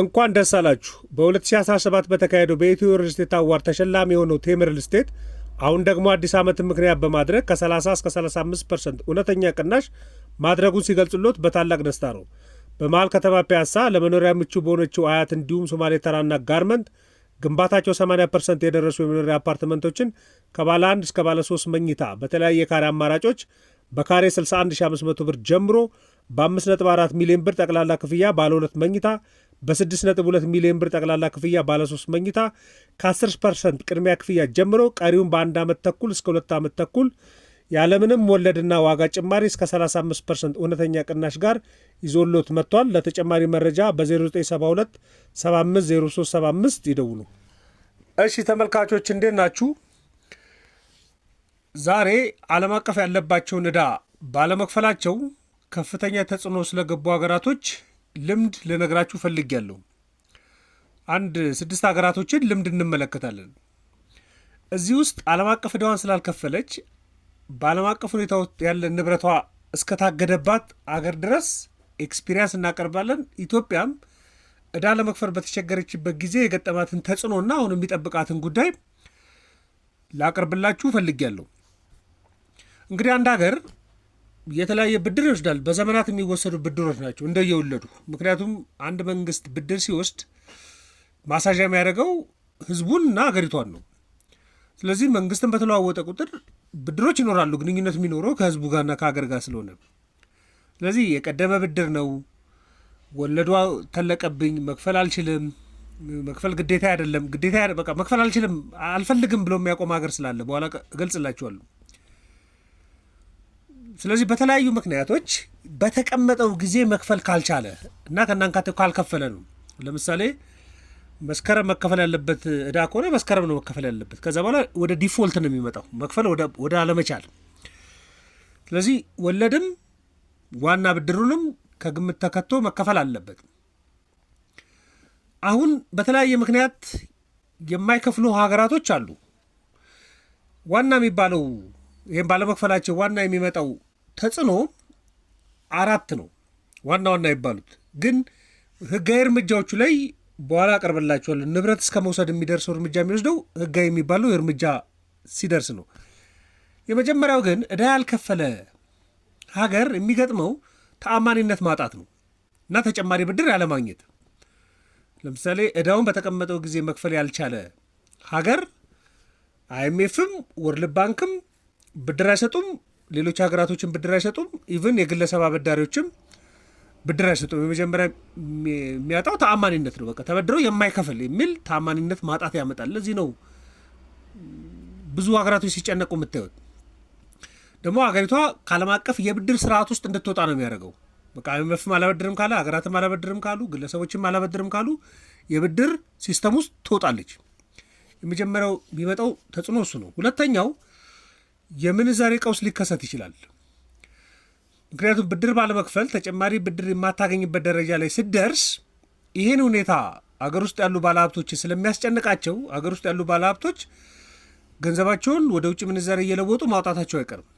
እንኳን ደስ አላችሁ። በ2017 በተካሄደው በኢትዮ ሪል ስቴት አዋር ተሸላሚ የሆነው ቴም ሪል ስቴት አሁን ደግሞ አዲስ ዓመትን ምክንያት በማድረግ ከ30 እስከ 35 ፐርሰንት እውነተኛ ቅናሽ ማድረጉን ሲገልጽሎት በታላቅ ደስታ ነው። በመሃል ከተማ ፒያሳ ለመኖሪያ ምቹ በሆነችው አያት እንዲሁም ሶማሌ ተራና ጋርመንት ግንባታቸው 80 ፐርሰንት የደረሱ የመኖሪያ አፓርትመንቶችን ከባለ 1 እስከ ባለ 3 መኝታ በተለያየ ካሬ አማራጮች በካሬ 61500 ብር ጀምሮ በ5.4 ሚሊዮን ብር ጠቅላላ ክፍያ ባለ 2 መኝታ በ6.2 ሚሊዮን ብር ጠቅላላ ክፍያ ባለሶስት መኝታ ከ10 ፐርሰንት ቅድሚያ ክፍያ ጀምሮ ቀሪውን በአንድ ዓመት ተኩል እስከ ሁለት ዓመት ተኩል ያለምንም ወለድና ዋጋ ጭማሪ እስከ 35 ፐርሰንት እውነተኛ ቅናሽ ጋር ይዞሎት መጥቷል። ለተጨማሪ መረጃ በ0972 750375 ይደውሉ። እሺ ተመልካቾች እንዴት ናችሁ? ዛሬ ዓለም አቀፍ ያለባቸውን ዕዳ ባለመክፈላቸው ከፍተኛ ተጽዕኖ ስለገቡ ሀገራቶች ልምድ ልነግራችሁ ፈልግ ያለው አንድ ስድስት ሀገራቶችን ልምድ እንመለከታለን። እዚህ ውስጥ ዓለም አቀፍ ዕዳዋን ስላልከፈለች በዓለም አቀፍ ሁኔታ ያለ ንብረቷ እስከታገደባት አገር ድረስ ኤክስፒሪያንስ እናቀርባለን። ኢትዮጵያም ዕዳ ለመክፈል በተቸገረችበት ጊዜ የገጠማትን ተጽዕኖና አሁን የሚጠብቃትን ጉዳይ ላቀርብላችሁ ፈልጌያለሁ። እንግዲህ አንድ ሀገር የተለያየ ብድር ይወስዳል። በዘመናት የሚወሰዱ ብድሮች ናቸው እንደየወለዱ። ምክንያቱም አንድ መንግስት ብድር ሲወስድ ማሳዣ የሚያደርገው ህዝቡን እና ሀገሪቷን ነው። ስለዚህ መንግስትን በተለዋወጠ ቁጥር ብድሮች ይኖራሉ። ግንኙነት የሚኖረው ከህዝቡ ጋርና ከሀገር ጋር ስለሆነ ስለዚህ የቀደመ ብድር ነው፣ ወለዷ ተለቀብኝ፣ መክፈል አልችልም፣ መክፈል ግዴታ አይደለም፣ ግዴታ በቃ መክፈል አልችልም፣ አልፈልግም ብሎ የሚያቆም ሀገር ስላለ በኋላ እገልጽላችኋለሁ። ስለዚህ በተለያዩ ምክንያቶች በተቀመጠው ጊዜ መክፈል ካልቻለ እና ከእናንካቴ ካልከፈለ ነው። ለምሳሌ መስከረም መከፈል ያለበት እዳ ከሆነ መስከረም ነው መከፈል ያለበት። ከዛ በኋላ ወደ ዲፎልት ነው የሚመጣው መክፈል ወደ አለመቻል። ስለዚህ ወለድም ዋና ብድሩንም ከግምት ተከቶ መከፈል አለበት። አሁን በተለያየ ምክንያት የማይከፍሉ ሀገራቶች አሉ። ዋና የሚባለው ይህም ባለመክፈላቸው ዋና የሚመጣው ተጽዕኖ አራት ነው። ዋና ዋና ይባሉት ግን ህጋዊ እርምጃዎቹ ላይ በኋላ አቀርብላችኋለሁ። ንብረት እስከ መውሰድ የሚደርሰው እርምጃ የሚወስደው ህጋዊ የሚባለው እርምጃ ሲደርስ ነው። የመጀመሪያው ግን እዳ ያልከፈለ ሀገር የሚገጥመው ተአማኒነት ማጣት ነው እና ተጨማሪ ብድር ያለማግኘት። ለምሳሌ እዳውን በተቀመጠው ጊዜ መክፈል ያልቻለ ሀገር አይኤምኤፍም ወርልድ ባንክም ብድር አይሰጡም። ሌሎች ሀገራቶችን ብድር አይሰጡም። ኢቭን የግለሰብ አበዳሪዎችም ብድር አይሰጡም። የመጀመሪያ የሚያጣው ተአማኒነት ነው። በቃ ተበድሮ የማይከፍል የሚል ተአማኒነት ማጣት ያመጣል። ለዚህ ነው ብዙ ሀገራቶች ሲጨነቁ የምታዩት። ደግሞ ሀገሪቷ ከዓለም አቀፍ የብድር ስርዓት ውስጥ እንድትወጣ ነው የሚያደርገው። በቃ አይኤምኤፍም አላበድርም ካለ ሀገራትም አላበድርም ካሉ ግለሰቦችም አላበድርም ካሉ የብድር ሲስተም ውስጥ ትወጣለች። የመጀመሪያው የሚመጣው ተጽዕኖ እሱ ነው። ሁለተኛው የምንዛሬ ቀውስ ሊከሰት ይችላል። ምክንያቱም ብድር ባለመክፈል ተጨማሪ ብድር የማታገኝበት ደረጃ ላይ ስደርስ ይህን ሁኔታ አገር ውስጥ ያሉ ባለሀብቶች ስለሚያስጨንቃቸው አገር ውስጥ ያሉ ባለሀብቶች ገንዘባቸውን ወደ ውጭ ምንዛሬ እየለወጡ ማውጣታቸው አይቀርም።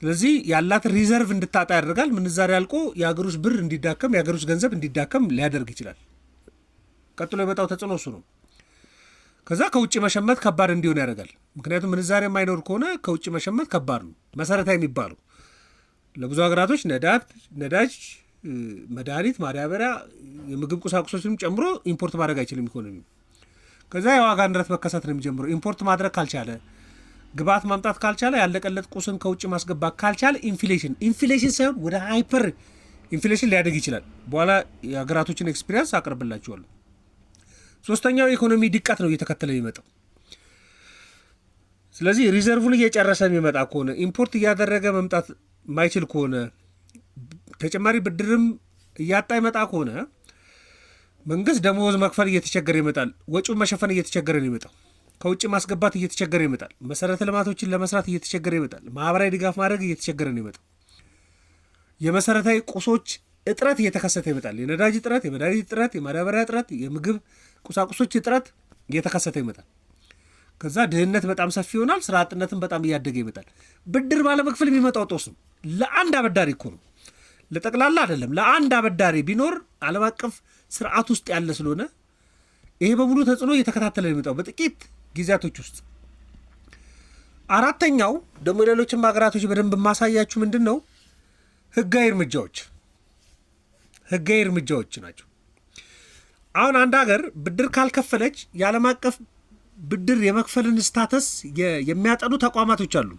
ስለዚህ ያላት ሪዘርቭ እንድታጣ ያደርጋል። ምንዛሬ አልቆ የአገር ውስጥ ብር እንዲዳከም፣ የአገር ውስጥ ገንዘብ እንዲዳከም ሊያደርግ ይችላል። ቀጥሎ የመጣው ተጽዕኖ እሱ ነው። ከዛ ከውጭ መሸመት ከባድ እንዲሆን ያደርጋል። ምክንያቱም ምንዛሬ የማይኖር ከሆነ ከውጭ መሸመት ከባድ ነው። መሰረታዊ የሚባሉ ለብዙ ሀገራቶች ነዳጅ፣ መድኃኒት፣ ማዳበሪያ፣ የምግብ ቁሳቁሶችንም ጨምሮ ኢምፖርት ማድረግ አይችልም ኢኮኖሚ። ከዛ የዋጋ ንረት መከሰት ነው የሚጀምረው። ኢምፖርት ማድረግ ካልቻለ፣ ግብዓት ማምጣት ካልቻለ፣ ያለቀለጥ ቁስን ከውጭ ማስገባት ካልቻለ ኢንፍሌሽን ኢንፍሌሽን ሳይሆን ወደ ሃይፐር ኢንፍሌሽን ሊያደግ ይችላል። በኋላ የሀገራቶችን ኤክስፒሪየንስ አቅርብላችኋለሁ። ሶስተኛው የኢኮኖሚ ድቀት ነው እየተከተለ የሚመጣው። ስለዚህ ሪዘርቭን እየጨረሰ የሚመጣ ከሆነ ኢምፖርት እያደረገ መምጣት ማይችል ከሆነ ተጨማሪ ብድርም እያጣ ይመጣ ከሆነ መንግስት ደመወዝ መክፈል እየተቸገረ ይመጣል። ወጪውን መሸፈን እየተቸገረ ነው ይመጣው። ከውጭ ማስገባት እየተቸገረ ይመጣል። መሰረተ ልማቶችን ለመስራት እየተቸገረ ይመጣል። ማህበራዊ ድጋፍ ማድረግ እየተቸገረ ነው ይመጣው። የመሰረታዊ ቁሶች እጥረት እየተከሰተ ይመጣል። የነዳጅ እጥረት፣ የመድኃኒት እጥረት፣ የማዳበሪያ እጥረት፣ የምግብ ቁሳቁሶች እጥረት እየተከሰተ ይመጣል። ከዛ ድህነት በጣም ሰፊ ይሆናል። ስራ አጥነትም በጣም እያደገ ይመጣል። ብድር ባለመክፈል የሚመጣው ጦስ ነው። ለአንድ አበዳሪ እኮ ነው፣ ለጠቅላላ አይደለም። ለአንድ አበዳሪ ቢኖር ዓለም አቀፍ ስርዓት ውስጥ ያለ ስለሆነ ይሄ በሙሉ ተጽዕኖ እየተከታተለ የሚመጣው በጥቂት ጊዜያቶች ውስጥ። አራተኛው ደግሞ ሌሎችም ሀገራቶች በደንብ የማሳያችሁ ምንድን ነው ህጋዊ እርምጃዎች ህጋዊ እርምጃዎች ናቸው። አሁን አንድ ሀገር ብድር ካልከፈለች የዓለም አቀፍ ብድር የመክፈልን ስታተስ የሚያጠኑ ተቋማቶች አሉ።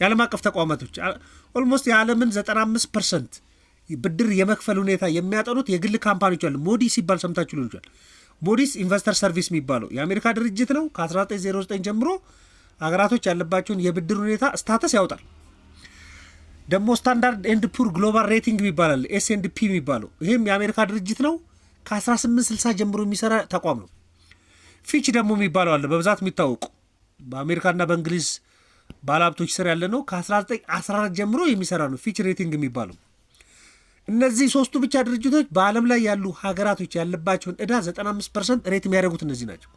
የዓለም አቀፍ ተቋማቶች ኦልሞስት የዓለምን 95 ፐርሰንት ብድር የመክፈል ሁኔታ የሚያጠኑት የግል ካምፓኒዎች አሉ። ሞዲስ ሲባል ሰምታችሁ ሊሆን ይችላል። ሞዲስ ኢንቨስተር ሰርቪስ የሚባለው የአሜሪካ ድርጅት ነው። ከ1909 ጀምሮ ሀገራቶች ያለባቸውን የብድር ሁኔታ ስታተስ ያውጣል። ደግሞ ስታንዳርድ ኤንድ ፑር ግሎባል ሬቲንግ ይባላል፣ ኤስ ኤንድ ፒ የሚባለው ይህም የአሜሪካ ድርጅት ነው። ከ1860 ጀምሮ የሚሰራ ተቋም ነው። ፊች ደግሞ የሚባለው አለ፣ በብዛት የሚታወቁ በአሜሪካና በእንግሊዝ ባለሀብቶች ስር ያለ ነው። ከ1914 ጀምሮ የሚሰራ ነው ፊች ሬቲንግ የሚባለው። እነዚህ ሶስቱ ብቻ ድርጅቶች በዓለም ላይ ያሉ ሀገራቶች ያለባቸውን እዳ 95 ፐርሰንት ሬት የሚያደርጉት እነዚህ ናቸው።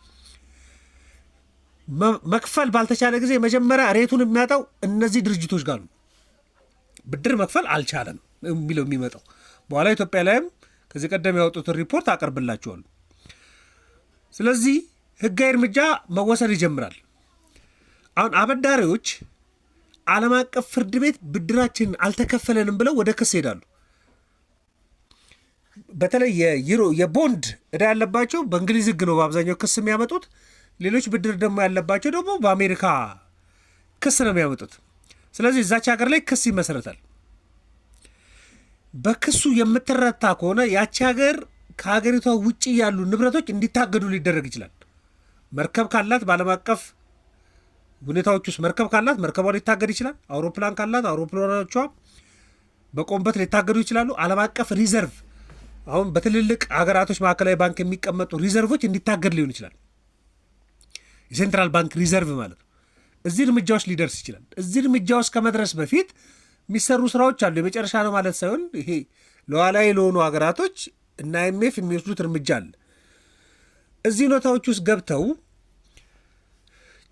መክፈል ባልተቻለ ጊዜ መጀመሪያ ሬቱን የሚያጣው እነዚህ ድርጅቶች ጋር ነው። ብድር መክፈል አልቻለም የሚለው የሚመጣው በኋላ ኢትዮጵያ ላይም ከዚህ ቀደም ያወጡትን ሪፖርት አቀርብላችኋል። ስለዚህ ህጋዊ እርምጃ መወሰድ ይጀምራል። አሁን አበዳሪዎች ዓለም አቀፍ ፍርድ ቤት ብድራችን አልተከፈለንም ብለው ወደ ክስ ይሄዳሉ። በተለይ የዩሮ የቦንድ እዳ ያለባቸው በእንግሊዝ ህግ ነው በአብዛኛው ክስ የሚያመጡት። ሌሎች ብድር ደግሞ ያለባቸው ደግሞ በአሜሪካ ክስ ነው የሚያመጡት። ስለዚህ እዛች ሀገር ላይ ክስ ይመሰረታል። በክሱ የምትረታ ከሆነ ያቺ ሀገር ከሀገሪቷ ውጭ ያሉ ንብረቶች እንዲታገዱ ሊደረግ ይችላል። መርከብ ካላት በዓለም አቀፍ ሁኔታዎች ውስጥ መርከብ ካላት መርከቧ ሊታገድ ይችላል። አውሮፕላን ካላት አውሮፕላኖቿ በቆምበት ሊታገዱ ይችላሉ። ዓለም አቀፍ ሪዘርቭ አሁን በትልልቅ ሀገራቶች ማዕከላዊ ባንክ የሚቀመጡ ሪዘርቮች እንዲታገድ ሊሆን ይችላል። የሴንትራል ባንክ ሪዘርቭ ማለት ነው። እዚህ እርምጃዎች ሊደርስ ይችላል። እዚህ እርምጃዎች ከመድረስ በፊት የሚሰሩ ስራዎች አሉ። የመጨረሻ ነው ማለት ሳይሆን ይሄ ሉዓላዊ ለሆኑ ሀገራቶች እና አይኤምኤፍ የሚወስዱት እርምጃ አለ። እዚህ ኖታዎች ውስጥ ገብተው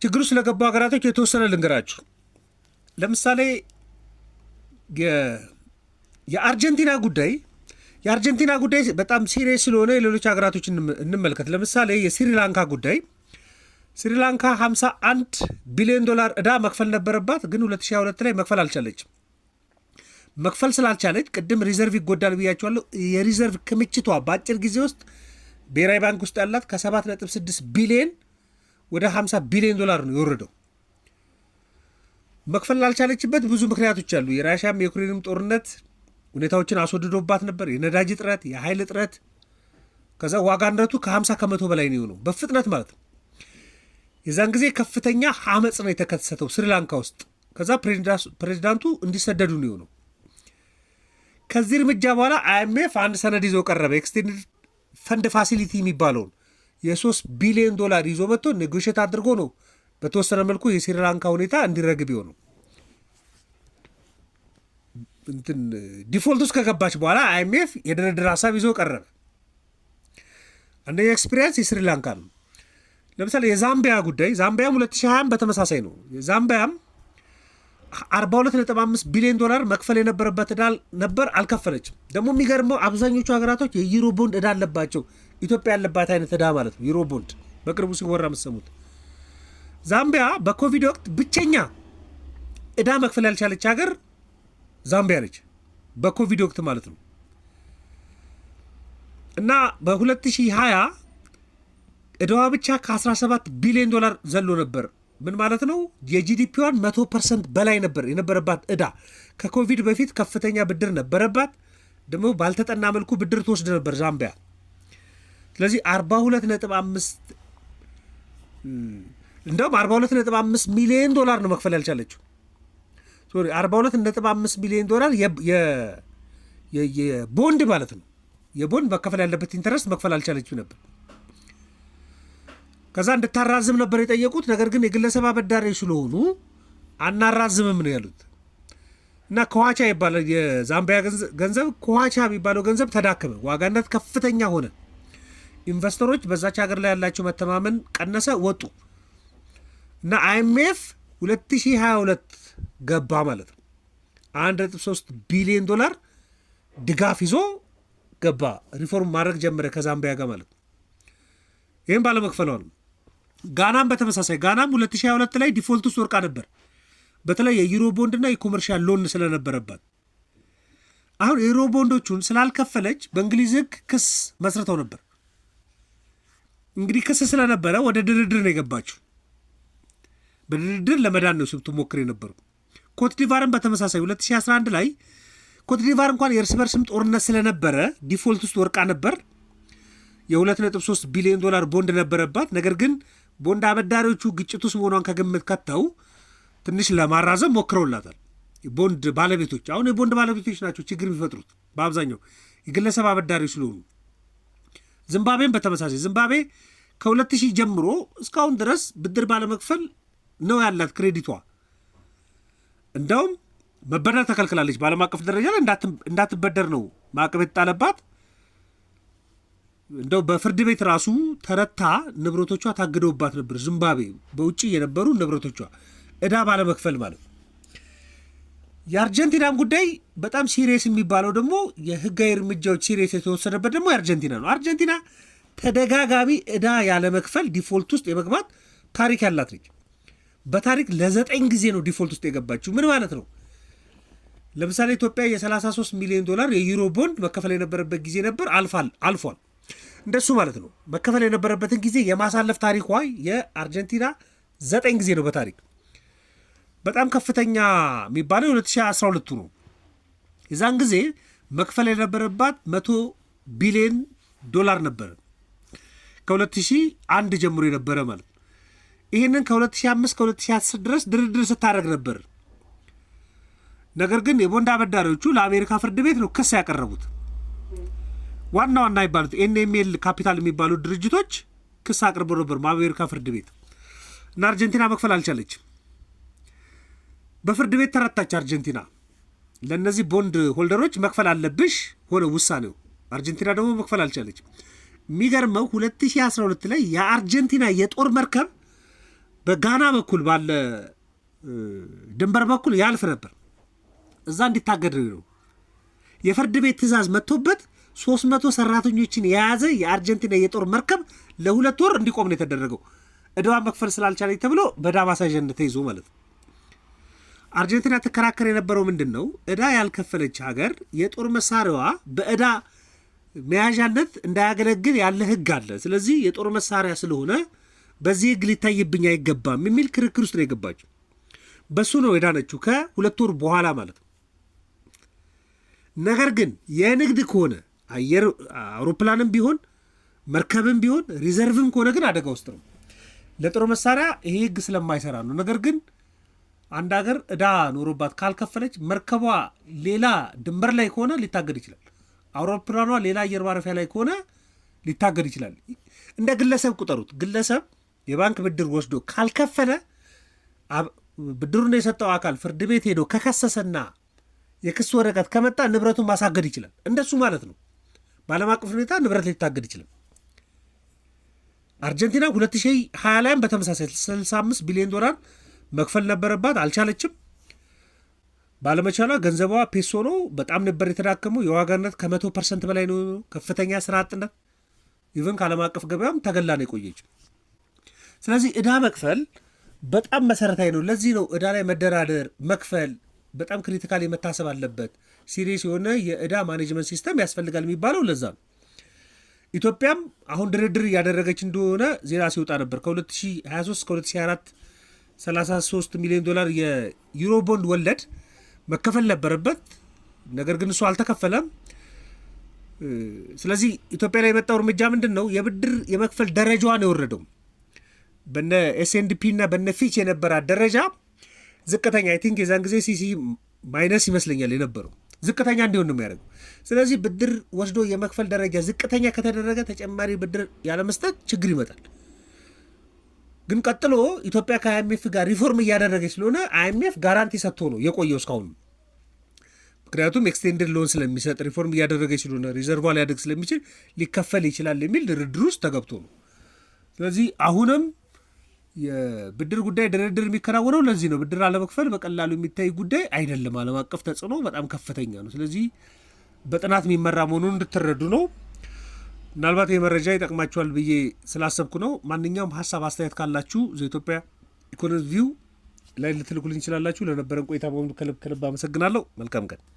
ችግሩ ስለገቡ ሀገራቶች የተወሰነ ልንገራችሁ። ለምሳሌ የአርጀንቲና ጉዳይ የአርጀንቲና ጉዳይ በጣም ሲሪየስ ስለሆነ የሌሎች ሀገራቶች እንመልከት። ለምሳሌ የስሪላንካ ጉዳይ ስሪላንካ 51 ቢሊዮን ዶላር ዕዳ መክፈል ነበረባት፣ ግን 2022 ላይ መክፈል አልቻለችም። መክፈል ስላልቻለች ቅድም ሪዘርቭ ይጎዳል ብያቸዋለሁ። የሪዘርቭ ክምችቷ በአጭር ጊዜ ውስጥ ብሔራዊ ባንክ ውስጥ ያላት ከ7.6 ቢሊዮን ወደ 50 ቢሊዮን ዶላር ነው የወረደው። መክፈል ላልቻለችበት ብዙ ምክንያቶች አሉ። የራሽያም የዩክሬንም ጦርነት ሁኔታዎችን አስወድዶባት ነበር። የነዳጅ እጥረት፣ የኃይል እጥረት፣ ከዛ ዋጋ ንረቱ ከ50 ከመቶ በላይ ነው የሆነው በፍጥነት ማለት ነው። የዛን ጊዜ ከፍተኛ አመፅ ነው የተከሰተው ስሪላንካ ውስጥ። ከዛ ፕሬዚዳንቱ እንዲሰደዱ ነው የሆነው። ከዚህ እርምጃ በኋላ አይኤምኤፍ አንድ ሰነድ ይዞ ቀረበ። ኤክስቴንድ ፈንድ ፋሲሊቲ የሚባለውን የሶስት ቢሊዮን ዶላር ይዞ መጥቶ ኔጎሽት አድርጎ ነው በተወሰነ መልኩ የስሪላንካ ሁኔታ እንዲረግብ የሆነው። እንትን ዲፎልት ውስጥ ከገባች በኋላ አይኤምኤፍ የድርድር ሀሳብ ይዞ ቀረበ። አንደኛ ኤክስፒሪየንስ የስሪላንካ ነው። ለምሳሌ የዛምቢያ ጉዳይ ዛምቢያም 2020 በተመሳሳይ ነው። ዛምቢያም 42.5 ቢሊዮን ዶላር መክፈል የነበረበት ዕዳ ነበር፣ አልከፈለችም። ደግሞ የሚገርመው አብዛኞቹ ሀገራቶች የዩሮ ቦንድ ዕዳ አለባቸው። ኢትዮጵያ ያለባት አይነት ዕዳ ማለት ነው። ዩሮ ቦንድ በቅርቡ ሲወራ የምትሰሙት። ዛምቢያ በኮቪድ ወቅት ብቸኛ ዕዳ መክፈል ያልቻለች ሀገር ዛምቢያ ነች፣ በኮቪድ ወቅት ማለት ነው እና በ2020 እዳዋ ብቻ ከ17 ቢሊዮን ዶላር ዘሎ ነበር። ምን ማለት ነው? የጂዲፒዋን 100 ፐርሰንት በላይ ነበር የነበረባት እዳ። ከኮቪድ በፊት ከፍተኛ ብድር ነበረባት። ደግሞ ባልተጠና መልኩ ብድር ትወስድ ነበር ዛምቢያ። ስለዚህ 42.5 እንደውም 42.5 ሚሊዮን ዶላር ነው መክፈል ያልቻለችው። ሶሪ 42.5 ሚሊዮን ዶላር የቦንድ ማለት ነው። የቦንድ መከፈል ያለበት ኢንተረስት መክፈል አልቻለችው ነበር። ከዛ እንድታራዝም ነበር የጠየቁት። ነገር ግን የግለሰብ አበዳሪ ስለሆኑ አናራዝምም ነው ያሉት እና ከዋቻ ይባላል የዛምቢያ ገንዘብ ከዋቻ የሚባለው ገንዘብ ተዳከመ፣ ዋጋነት ከፍተኛ ሆነ። ኢንቨስተሮች በዛች ሀገር ላይ ያላቸው መተማመን ቀነሰ፣ ወጡ እና አይኤምኤፍ 2022 ገባ ማለት ነው 1.3 ቢሊዮን ዶላር ድጋፍ ይዞ ገባ። ሪፎርም ማድረግ ጀመረ ከዛምቢያ ጋር ማለት ነው። ይህም ባለመክፈለው ነው። ጋናም በተመሳሳይ ጋናም 2022 ላይ ዲፎልት ውስጥ ወርቃ ነበር። በተለይ የዩሮ ቦንድና የኮመርሻል ሎን ስለነበረባት አሁን የዩሮ ቦንዶቹን ስላልከፈለች በእንግሊዝ ሕግ ክስ መስርተው ነበር። እንግዲህ ክስ ስለነበረ ወደ ድርድር ነው የገባችው። በድርድር ለመዳን ነው ስትሞክር የነበሩ። ኮትዲቫርን በተመሳሳይ 2011 ላይ ኮትዲቫር እንኳን የእርስ በርስም ጦርነት ስለነበረ ዲፎልት ውስጥ ወርቃ ነበር። የ2.3 ቢሊዮን ዶላር ቦንድ ነበረባት። ነገር ግን ቦንድ አበዳሪዎቹ ግጭት ውስጥ መሆኗን ከግምት ከተው ትንሽ ለማራዘም ሞክረውላታል። ቦንድ ባለቤቶች አሁን የቦንድ ባለቤቶች ናቸው ችግር የሚፈጥሩት በአብዛኛው የግለሰብ አበዳሪዎች ስለሆኑ። ዝምባብዌን በተመሳሳይ ዝምባብዌ ከ2000 ጀምሮ እስካሁን ድረስ ብድር ባለመክፈል ነው ያላት ክሬዲቷ። እንደውም መበደር ተከልክላለች። በዓለም አቀፍ ደረጃ ላይ እንዳትበደር ነው ማዕቀብ የተጣለባት። እንደው በፍርድ ቤት ራሱ ተረታ ንብረቶቿ ታግደውባት ነበር። ዚምባብዌ በውጭ የነበሩ ንብረቶቿ እዳ ባለመክፈል ማለት ነው። የአርጀንቲናም ጉዳይ በጣም ሲሪየስ የሚባለው ደግሞ የህጋዊ እርምጃዎች ሲሪየስ የተወሰደበት ደግሞ የአርጀንቲና ነው። አርጀንቲና ተደጋጋሚ እዳ ያለመክፈል ዲፎልት ውስጥ የመግባት ታሪክ ያላት ነች። በታሪክ ለዘጠኝ ጊዜ ነው ዲፎልት ውስጥ የገባችው። ምን ማለት ነው? ለምሳሌ ኢትዮጵያ የ33 ሚሊዮን ዶላር የዩሮ ቦንድ መከፈል የነበረበት ጊዜ ነበር፣ አልፏል። እንደሱ ማለት ነው። መከፈል የነበረበትን ጊዜ የማሳለፍ ታሪኳ የአርጀንቲና ዘጠኝ ጊዜ ነው በታሪክ በጣም ከፍተኛ የሚባለው 2012 ነው። የዛን ጊዜ መክፈል የነበረባት መቶ ቢሊዮን ዶላር ነበረ ከ2001 ጀምሮ የነበረ ማለት ይህንን ከ2005 ከ2010 ድረስ ድርድር ስታደርግ ነበር። ነገር ግን የቦንድ አበዳሪዎቹ ለአሜሪካ ፍርድ ቤት ነው ክስ ያቀረቡት። ዋና ዋና የሚባሉት ኤንኤምኤል ካፒታል የሚባሉ ድርጅቶች ክስ አቅርበው ነበር በአሜሪካ ፍርድ ቤት እና አርጀንቲና መክፈል አልቻለችም። በፍርድ ቤት ተረታች አርጀንቲና። ለእነዚህ ቦንድ ሆልደሮች መክፈል አለብሽ ሆነ ውሳኔው። አርጀንቲና ደግሞ መክፈል አልቻለች። የሚገርመው 2012 ላይ የአርጀንቲና የጦር መርከብ በጋና በኩል ባለ ድንበር በኩል ያልፍ ነበር። እዛ እንዲታገድ ነው የፍርድ ቤት ትዕዛዝ መጥቶበት ሶስት መቶ ሰራተኞችን የያዘ የአርጀንቲና የጦር መርከብ ለሁለት ወር እንዲቆም ነው የተደረገው። እዳዋ መክፈል ስላልቻለች ተብሎ በዕዳ ተይዞ ማለት ነው። አርጀንቲና ትከራከር የነበረው ምንድን ነው? እዳ ያልከፈለች ሀገር የጦር መሳሪያዋ በእዳ መያዣነት እንዳያገለግል ያለ ህግ አለ። ስለዚህ የጦር መሳሪያ ስለሆነ በዚህ ህግ ሊታይብኝ አይገባም የሚል ክርክር ውስጥ ነው የገባችው። በሱ ነው የዳነችው ከሁለት ወር በኋላ ማለት ነው። ነገር ግን የንግድ ከሆነ አየር አውሮፕላንም ቢሆን መርከብም ቢሆን ሪዘርቭም ከሆነ ግን አደጋ ውስጥ ነው። ለጦር መሳሪያ ይሄ ህግ ስለማይሰራ ነው። ነገር ግን አንድ ሀገር እዳ ኖሮባት ካልከፈለች መርከቧ ሌላ ድንበር ላይ ከሆነ ሊታገድ ይችላል። አውሮፕላኗ ሌላ አየር ማረፊያ ላይ ከሆነ ሊታገድ ይችላል። እንደ ግለሰብ ቁጠሩት። ግለሰብ የባንክ ብድር ወስዶ ካልከፈለ ብድሩን የሰጠው አካል ፍርድ ቤት ሄዶ ከከሰሰና የክስ ወረቀት ከመጣ ንብረቱን ማሳገድ ይችላል። እንደሱ ማለት ነው። በዓለም አቀፍ ሁኔታ ንብረት ሊታገድ ይችላል። አርጀንቲና 2020 ላይም በተመሳሳይ 65 ቢሊዮን ዶላር መክፈል ነበረባት፣ አልቻለችም። ባለመቻሏ ገንዘቧ ፔሶ ነው፣ በጣም ነበር የተዳከመው። የዋጋ ንረት ከመቶ ፐርሰንት በላይ ነው። ከፍተኛ ስራ አጥነት ኢቨን ከዓለም አቀፍ ገበያም ተገላ ነው የቆየች። ስለዚህ እዳ መክፈል በጣም መሰረታዊ ነው። ለዚህ ነው እዳ ላይ መደራደር መክፈል በጣም ክሪቲካል መታሰብ አለበት። ሲሪየስ የሆነ የእዳ ማኔጅመንት ሲስተም ያስፈልጋል የሚባለው ለዛ ነው። ኢትዮጵያም አሁን ድርድር እያደረገች እንደሆነ ዜና ሲወጣ ነበር። ከ2023 እስከ 2024 33 ሚሊዮን ዶላር የዩሮ ቦንድ ወለድ መከፈል ነበረበት። ነገር ግን እሱ አልተከፈለም። ስለዚህ ኢትዮጵያ ላይ የመጣው እርምጃ ምንድን ነው? የብድር የመክፈል ደረጃዋን የወረደው በነ ኤስኤንዲፒ እና በነ ፊች የነበራት ደረጃ ዝቅተኛ አይ ቲንክ የዛን ጊዜ ሲሲ ማይነስ ይመስለኛል የነበረው ዝቅተኛ እንዲሆን ነው የሚያደርገው። ስለዚህ ብድር ወስዶ የመክፈል ደረጃ ዝቅተኛ ከተደረገ ተጨማሪ ብድር ያለመስጠት ችግር ይመጣል። ግን ቀጥሎ ኢትዮጵያ ከአይኤምኤፍ ጋር ሪፎርም እያደረገች ስለሆነ አይኤምኤፍ ጋራንቲ ሰጥቶ ነው የቆየው እስካሁን። ምክንያቱም ኤክስቴንድድ ሎን ስለሚሰጥ ሪፎርም እያደረገች ስለሆነ ሪዘርቫ ሊያደግ ስለሚችል ሊከፈል ይችላል የሚል ድርድር ውስጥ ተገብቶ ነው። ስለዚህ አሁንም የብድር ጉዳይ ድርድር የሚከናወነው ለዚህ ነው። ብድር አለመክፈል በቀላሉ የሚታይ ጉዳይ አይደለም። ዓለም አቀፍ ተጽዕኖ በጣም ከፍተኛ ነው። ስለዚህ በጥናት የሚመራ መሆኑን እንድትረዱ ነው። ምናልባት ይህ መረጃ ይጠቅማችኋል ብዬ ስላሰብኩ ነው። ማንኛውም ሀሳብ አስተያየት ካላችሁ ዘኢትዮጵያ ኢኮኖሚ ቪው ላይ ልትልኩልኝ ይችላላችሁ። ለነበረን ቆይታ በሙሉ ከልብ ከልብ አመሰግናለሁ። መልካም ቀን